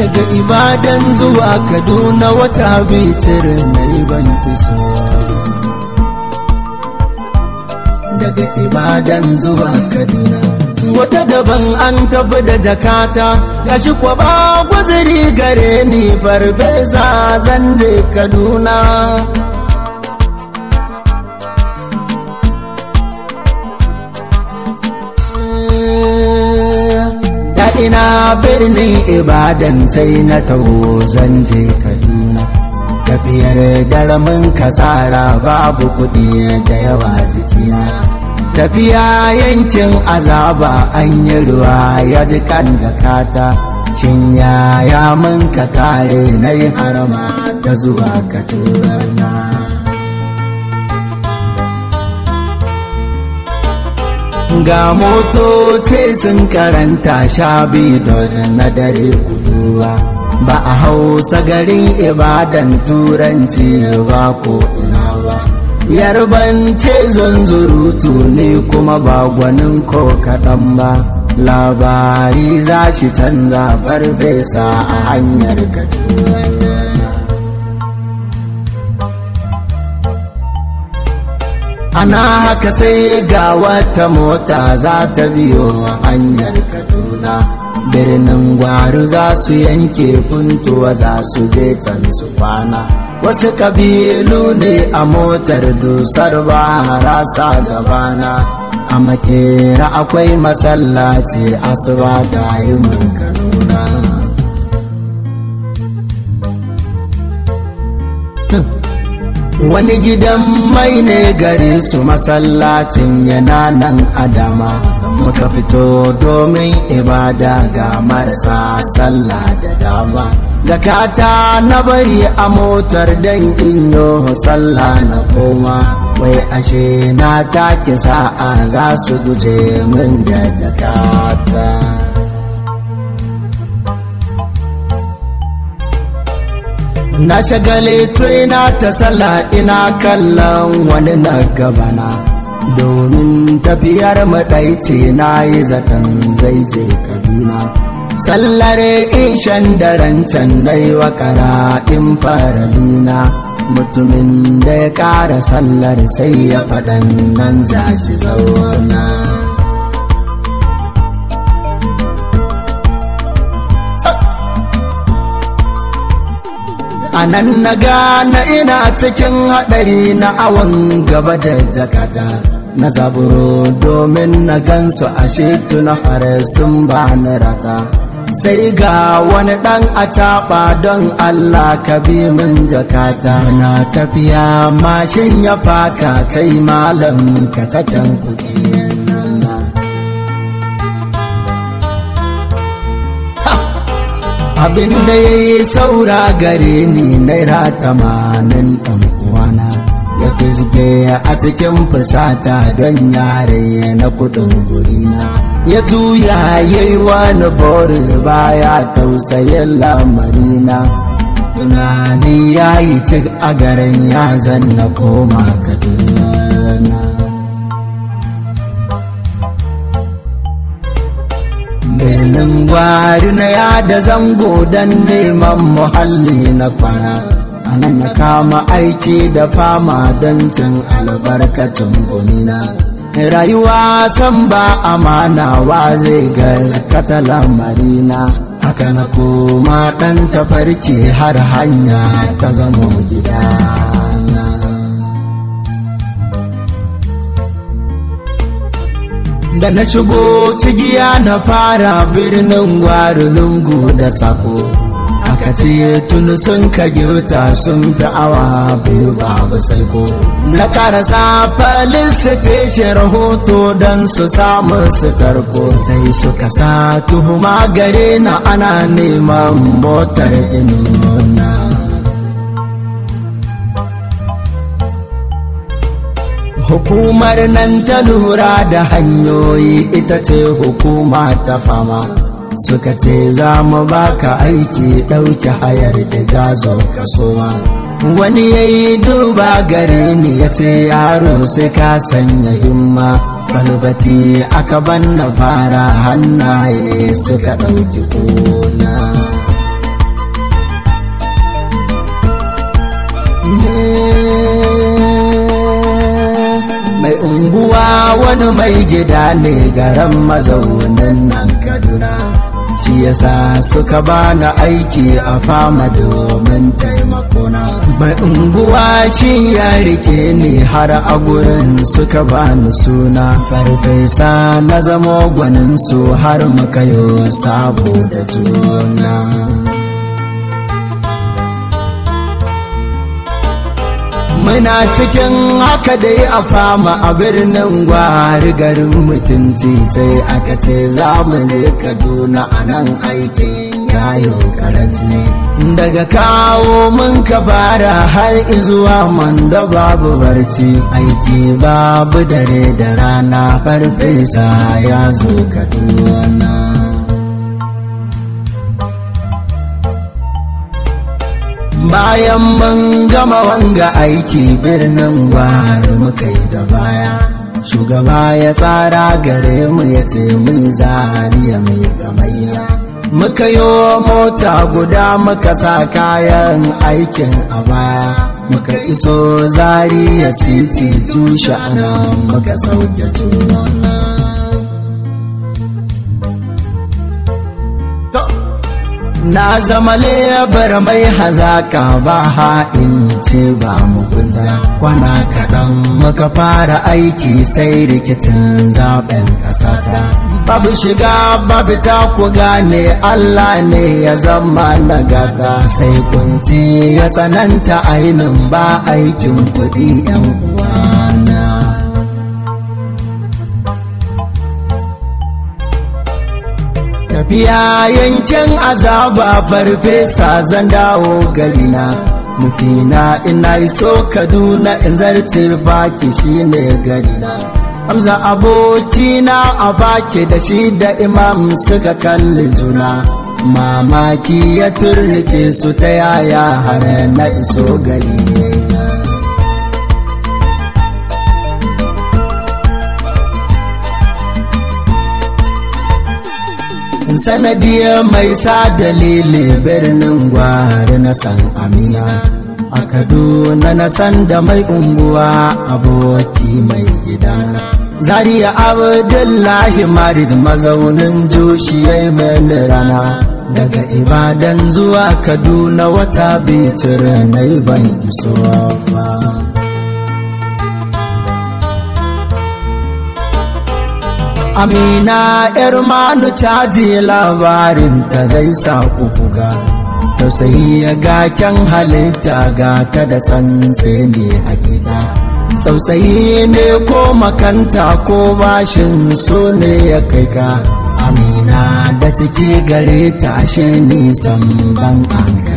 daga ibadan zuwa kaduna wata bitir mai ban iso daga ibadan zuwa kaduna wata daban an tafi da jakata shi kwa ba guziri gare ni farfesa zan je kaduna ina birnin ibadan sai na taho zan je kaduna tafiyar darmin kasara babu kuɗi da yawa jikina tafiya yankin azaba an yi ruwa ya ji kan jakata shin yaya mun ka kare na yi harama da zuwa katurana ga motoci sun karanta sha biyu na dare kuduwa ba a hausa garin ibadan turanci ba ko ina ba yarbance zunzurutu ne kuma ba gwanin ko kaɗan ba labari za shi canza farfesa a hanyar kaduna ana haka sai ga wata mota za ta biyo hanyar kaduna birnin gwaru za su yanke kuntuwa za su je can su kwana wasu kabilu ne a motar dusar ba rasa gabana a makera akwai masallaci asuba ta yi mun wani gidan mai ne gare su masallacin yana nan adama muka fito domin ibada ga marasa sallah da dama jakata na bari a motar dan yi sallah na koma wai ashe na take sa'a za su guje min da jakata na shagale ina ta sala ina kallon wani na gabana domin tafiyar maɗaice na yi zaton zaize kaduna sallare ishan daren can dai wakara in faralina mutumin da ya ƙara sallar sai ya faɗan nan za shi zauna a nan na gana ina cikin haɗari na awon gaba da jakata na zaburo domin na gansu a tuna hare sun ba ni rata sai ga wani ɗan acaɓa don Allah ka bi min jakata na tafiya mashin ya faka kai malam ka kuɗi abin da ya yi saura gare ni naira tamanin ɗan uwana ya fizge a cikin fusata don yare na kudin gurina ya juya ya yi wani bori baya tausayin lamarina tunani ya yi cik a garin ya zanna koma kaduna birnin gwari na yada zango don neman muhalli na kwana a na kama aiki da fama don cin albarkacin gomina. rayuwa san ba amana wa zai zikata lamarina haka na koma ɗan tafarki har hanya ta zamo gida da na shigo cigiya na fara birnin gwari lungu da sako aka ce tuni sun ka girta sun fi awa biyu babu saiko na karasa falin su teshe rahoto don su samu su tarko sai suka sa tuhuma gare na ana neman motar na hukumar nan ta lura da hanyoyi ita ce hukuma ta fama suka ce za mu baka aiki ɗauki hayar diga zo ka wani ya yi duba gare ni ya ce yaro sai ka sanya himma balbati aka banna fara hannaye suka ɗauki kuna unguwa wani mai gida ne garan mazaunin nan kaduna shi yasa suka bani aiki a fama domin taimakona mai unguwa shi ya rike ni har a gurin suka bani suna farfesa na zama gwaninsu su har muka yi sabo da juna muna cikin haka dai a fama a birnin gwari garin mutunci sai aka ce za mu je kaduna a nan aikin yayo karanci daga kawo mun ka fara har izuwa manda babu barci aiki babu dare da rana farfesa ya zo kaduna bayan mun gama wanga aiki birnin gwari muka yi da baya shugaba ya tsara gare mu ya ce mun zariya mai gamayya muka wa mota guda muka sa kayan aikin a baya muka iso zariya city tushe ana muka sauke juna. na zama lebar mai hazaka ba ce ba kunta. kwana kaɗan muka fara aiki sai rikicin zaben ƙasata babu shiga babu ta ku gane Allah ne ya zama nagata sai kunci ya tsananta ainin ba aikin kuɗi 'yan uwa ya yankin azaba farfesa zan dawo galina nufina ina iso kaduna in zartir baki shine galina hamza abokina a baki da shi da imam suka kalli juna mamaki ya turnike su ta yaya har na iso gari sanadiyar mai sa dalilin birnin gwari na san amina a kaduna na san da mai unguwa aboki mai gidana zariya abdullahi marid mazaunin joshiyai mai rana daga ibadan zuwa kaduna wata bitir na ban iso ba amina yar manu ta ji labarin ta zai sa ku buga tausayi ga kyan halitta ga ta da tsantse ne a gida sausayi ne ko makanta ko bashin so ne ya kai ka amina da ciki gare ta shi nisan ban an